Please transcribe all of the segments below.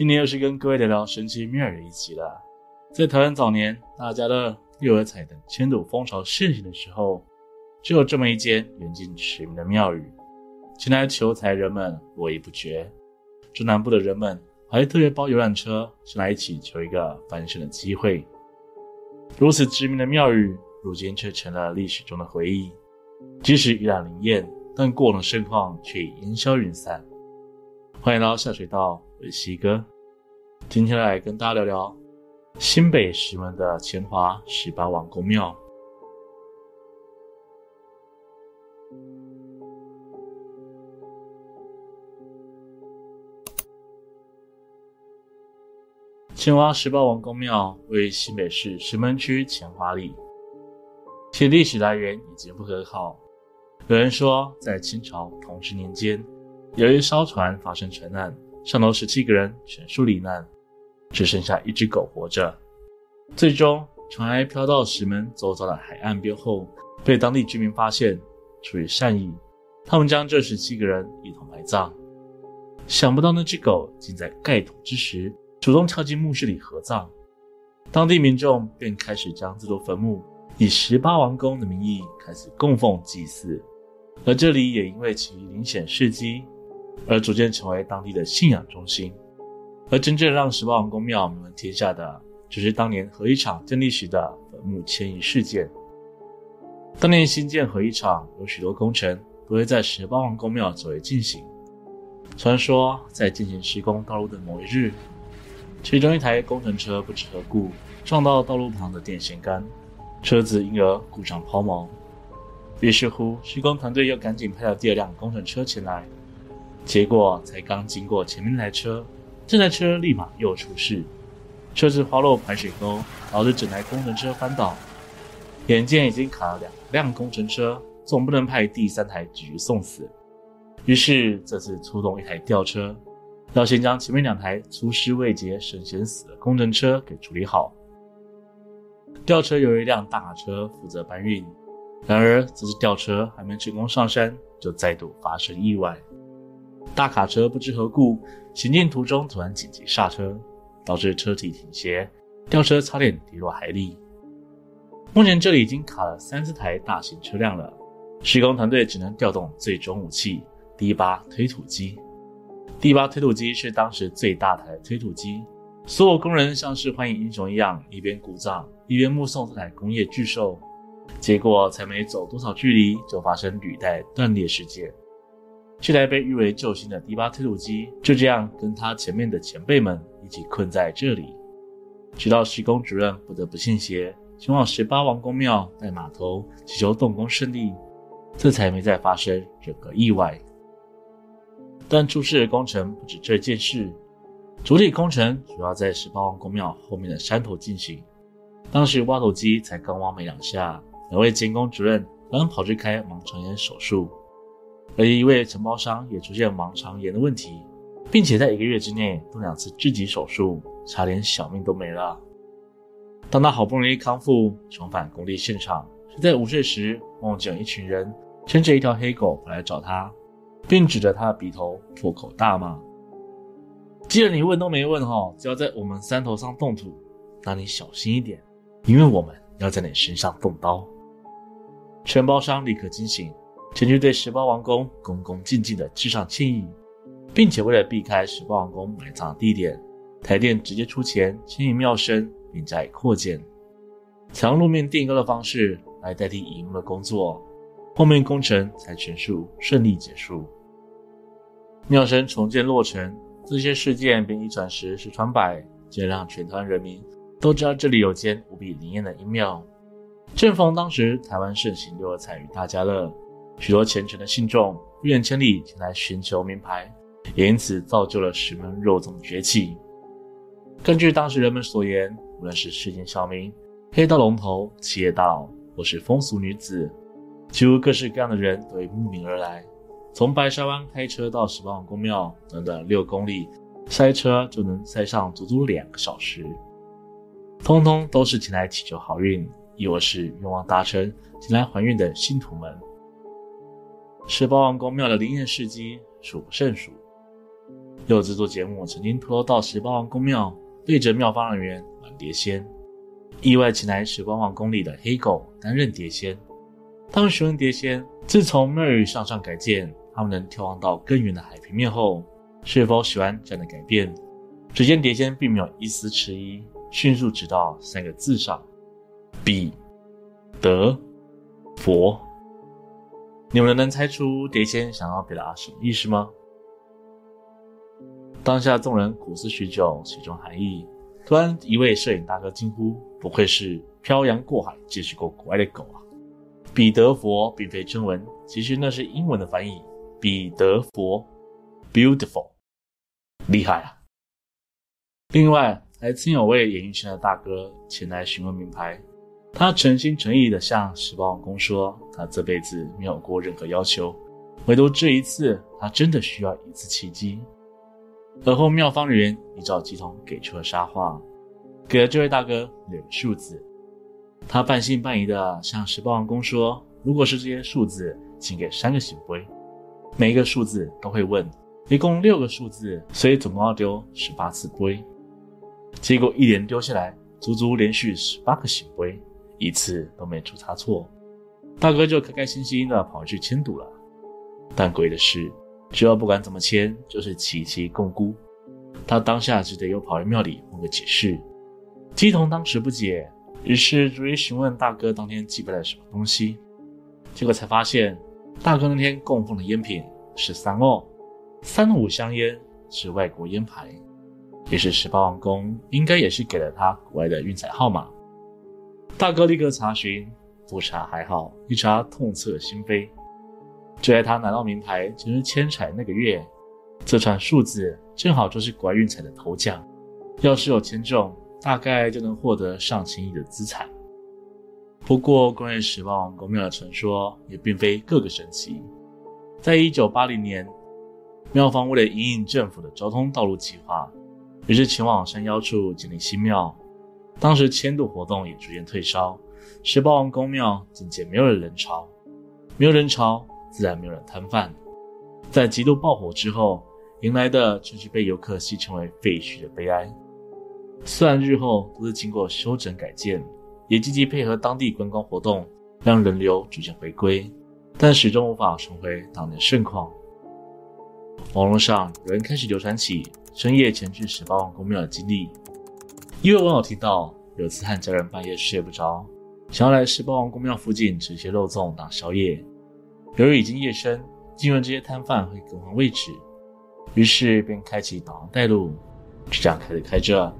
今天又是跟各位聊聊神奇廟宇的一集了。在台灣早年，大家樂、六合彩等簽賭風潮盛行的時候，就有這麼一間遠近馳名的廟宇，前來求財人們絡繹不絕。中南部的人們還特別包遊覽車，前來一起求一個翻身的機會。如此知名的廟宇，如今卻成了歷史中的回憶。即使依然靈驗，但過往的盛況卻已煙消雲散。歡迎來到下水道。我是西哥，今天來跟大家聊聊新北石門的乾華十八王公廟。乾華十八王公廟位於新北市石門區乾華里，其歷史來源已經不可考。有人說，在清朝同治年間，有一艘船發生沉難。上頭十七個人全數罹難，只剩下一隻狗活着。最終，船骸飄到石門，走到了海岸邊後，被當地居民發現。出於善意，他們將這十七個人一同埋葬。想不到，那只狗竟在蓋土之時，主動跳進墓室裡合葬。當地民眾便開始將這座墳墓以十八王公的名義開始供奉祭祀，而這裡也因為其靈顯事蹟。而逐漸成為當地的信仰中心。而真正讓十八王公廟名聞天下的，就是當年核一廠建立時的墳墓遷移事件。當年新建核一廠有許多工程都會在十八王公廟左右進行。傳說在進行施工道路的某一日，其中一台工程車不知何故撞到道路旁的電線桿，車子因而故障拋錨。於是乎，施工團隊又趕緊派了第二輛工程車前來。結果才剛經過前面那台車，這台車立馬又出事，車子滑落排水溝，導致整台工程車翻倒。眼見已經卡了兩輛工程車，總不能派第三台繼續送死。於是這次出動一台吊車，要先將前面兩台出師未捷身先死的工程車給處理好。吊車由一輛大卡車負責搬運，然而這次吊車還沒成功上山，就再度發生意外。大卡車不知何故行進途中突然緊急剎車，導致車體傾斜，吊車差點跌落海裡。目前這裡已經卡了三四台大型車輛了，施工團隊只能調動最終武器 ——D8 推土機。D8 推土機是當時最大台推土機，所有工人像是歡迎英雄一樣，一邊鼓掌，一邊目送這台工業巨獸。結果才沒走多少距離，就發生履帶斷裂事件。這臺被譽為救星的 D8 推土機，就這樣跟他前面的前輩們一起困在這裡，直到施工主任不得不信邪，前往十八王公廟拜碼頭，祈求動工順利，這才沒再發生任何意外。但出事的工程不止這件事，主體工程主要在十八王公廟後面的山頭進行，當時挖土機才剛挖沒兩下，兩位監工主任剛跑去開盲腸炎手術。而一位承包商也出現盲腸炎的問題，並且在一個月之內動兩次緊急手術，差點小命都沒了。當他好不容易康復，重返工地現場，卻在午睡時夢見一群人牽着一條黑狗跑來找他，並指着他的鼻頭破口大罵：“既然你問都沒問哈，就要在我們山頭上動土，那你小心一點，因為我們要在你身上動刀。”承包商立刻驚醒。前去對十八王公恭恭敬敬地致上歉意，並且為了避開十八王公埋葬的地點，台電直接出錢遷移廟身，並再擴建，採用路面墊高的方式來代替移墓的工作，後面工程才全數順利結束。廟身重建落成，這些事件，便一傳十，十傳百，竟然讓全台人民都知道這裡有間無比靈驗的陰廟。正逢當時台灣盛行六合彩與大家樂。許多虔誠的信眾不遠千里前來尋求名牌，也因此造就了石門肉粽的崛起。根據當時人們所言，無論是市井小民、黑道龍頭、企業大佬，或是風俗女子，幾乎各式各樣的人都會慕名而來。從白沙灣開車到十八王公廟，短短六公里，塞車就能塞上足足兩個小時。通通都是前來祈求好運，亦或是願望達成、前來還願的信徒們。十八王公廟的靈驗事跡數不勝數。有製作節目曾經偷到十八王公廟，對着廟方人員玩碟仙，意外請來十八王公裡的黑狗擔任碟仙。他們詢問碟仙，自從廟宇上上改建，他們能眺望到更遠的海平面後，是否喜歡這樣的改變？只見碟仙並沒有一絲遲疑，迅速指到三個字上：比，德，佛。你們能猜出碟仙想要表達什麼意思嗎？當下眾人苦思許久，其中含義。突然，一位攝影大哥驚呼：“不愧是漂洋過海接觸過國外的狗啊！”彼得佛並非中文，其實那是英文的翻譯，彼得佛 （Beautiful），厲害啊！另外，還曾有位演藝圈的大哥前來詢問明牌。他誠心誠意地向十八王公說：“他這輩子沒有過任何要求，唯獨這一次，他真的需要一次契機。而後廟方人員依照乩童給出了沙畫，給了這位大哥六個數字。他半信半疑地向十八王公說：“如果是這些數字，請給三個醒規。每一個數字都會問，一共六個數字，所以總共要丟十八次龜。”結果一連丟下來，足足連續十八個醒規。一次都沒出差錯，大哥就開開心心地跑回去簽賭了。但詭異的是，只要不管怎麼簽，就是期期摃龜。他當下只得又跑回廟裡問個解釋。乩童當時不解，於是逐一詢問大哥當天祭拜了什麼東西，結果才發現，大哥那天供奉的菸品是三五，三五香菸是外國菸牌，於是十八王公應該也是給了他國外的運彩號碼。大哥立刻查詢，不查還好，一查痛徹心扉。就在他拿到明牌、就是簽彩那個月，這串數字正好就是刮運彩的頭獎，要是有簽中，大概就能獲得上千億的資產。不過，關於十八王公廟的傳說也並非個個神奇。在一九八零年，廟方為了迎應政府的交通道路計劃，於是前往山腰處建立新廟。當時簽賭活動也逐漸退燒，十八王公廟漸漸沒有了人潮，沒有人潮，自然沒有人攤販。在極度爆火之後，迎來的卻是被遊客戲稱為“廢墟”的悲哀。雖然日後都是經過修整改建，也積極配合當地觀光活動，讓人流逐漸回歸，但始終無法重回當年盛況。網絡上有人開始流傳起深夜前去十八王公廟的經歷。一位網友提到，有次和家人半夜睡不着，想要來十八王公廟附近吃些肉粽當宵夜。由於已經夜深，今晚這些攤販會更換位置，於是便開啟導航帶路。就這樣開着開着，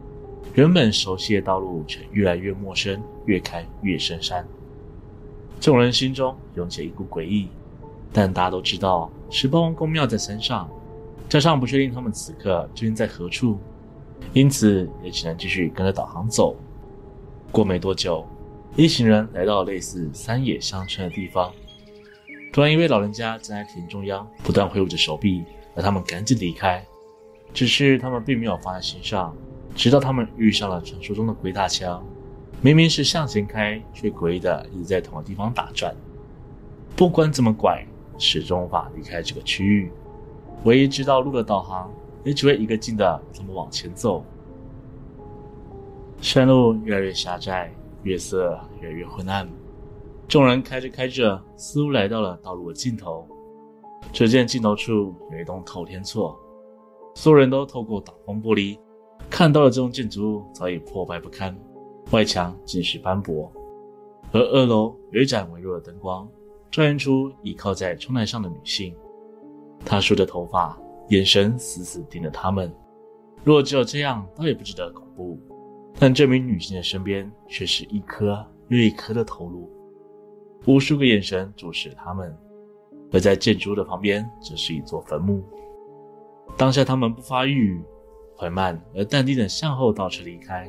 原本熟悉的道路卻越來越陌生，越開越深山。眾人心中湧起一股詭異，但大家都知道十八王公廟在山上，加上不確定他們此刻究竟在何處。因此，也只能繼續跟着導航走。過沒多久，一行人來到了類似山野鄉村的地方，突然，一位老人家站在田中央，不斷揮舞着手臂，讓他們趕緊離開。只是他們並沒有放在心上，直到他們遇上了傳說中的鬼打牆。明明是向前開，卻詭異地一直在同個地方打轉。不管怎麼拐，始終無法離開這個區域。唯一知道路的導航。也只會一個勁的這麼往前走，山路越來越狹窄，月色越來越昏暗。眾人開着開着，似乎來到了道路的盡頭。只見盡頭處有一棟透天厝，所有人都透過擋風玻璃看到了這棟建築物早已破敗不堪，外牆盡是斑駁。而二樓有一盞微弱的燈光，照映出倚靠在窗台上的女性，她梳着頭髮。眼神死死盯着他們，若只有這樣，倒也不值得恐怖。但這名女性的身邊卻是一顆又一顆的頭顱，無數個眼神注視著他們，而在建築物的旁邊，則是一座墳墓。當下他們不發一語，緩慢而淡定的向後倒車離開。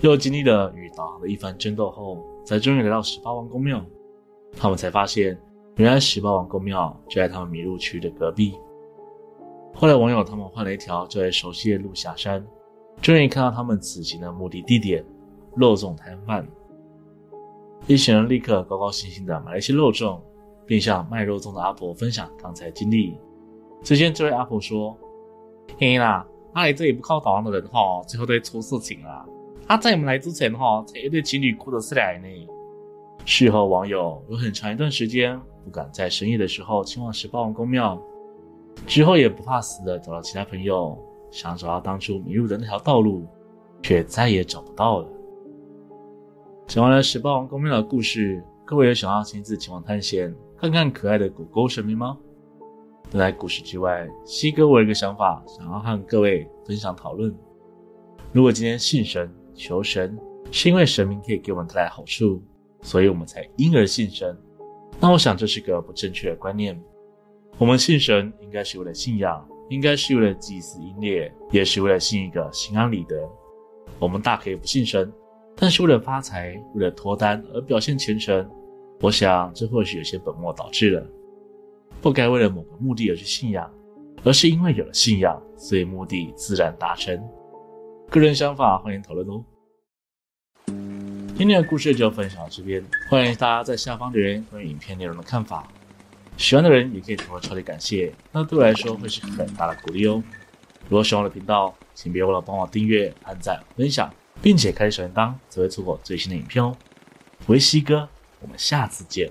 又經歷了與導航的一番爭鬥後，才終於來到十八王公廟。他們才發現，原來十八王公廟就在他們迷路區的隔壁。後來網友他們換了一條最熟悉的路下山，終於看到他們此行的目的地點——肉粽攤販。一行人立刻高高興興的買了一些肉粽，並向賣肉粽的阿婆分享剛才經歷。只見這位阿婆說：“天啦、啊，阿來他來這裡不靠導航的人哈、哦，最後都會出事情了。他在我們來之前哈、哦，才一對情侶哭得起來呢。”事後網友有很長一段時間不敢在深夜的時候前往十八王公廟。之後也不怕死的找到其他朋友，想找到當初迷路的那條道路，卻再也找不到了。講完了十八王公廟的故事，各位有想要親自前往探險，看看可愛的狗狗神明嗎？在故事之外，西哥我有一個想法，想要和各位分享討論。如果今天信神，求神，是因為神明可以給我們帶來好處，所以我們才因而信神，那我想這是個不正確的觀念。我們信神，應該是為了信仰，應該是為了祭祀英烈，也是為了信一個心安理得。我們大可以不信神，但是為了發財、為了脫單而表現虔誠，我想這或許有些本末倒置了。不該為了某個目的而去信仰，而是因為有了信仰，所以目的自然達成。個人想法，歡迎討論哦。今天的故事就分享到這邊，歡迎大家在下方留言關於影片內容的看法。喜歡的人也可以通過超級感謝，那對我來說會是很大的鼓勵哦。如果喜歡我的頻道，請別忘了幫我訂閱、按讚、分享，並且開啟小鈴鐺，才不會錯過最新的影片哦。我是西哥，我們下次見。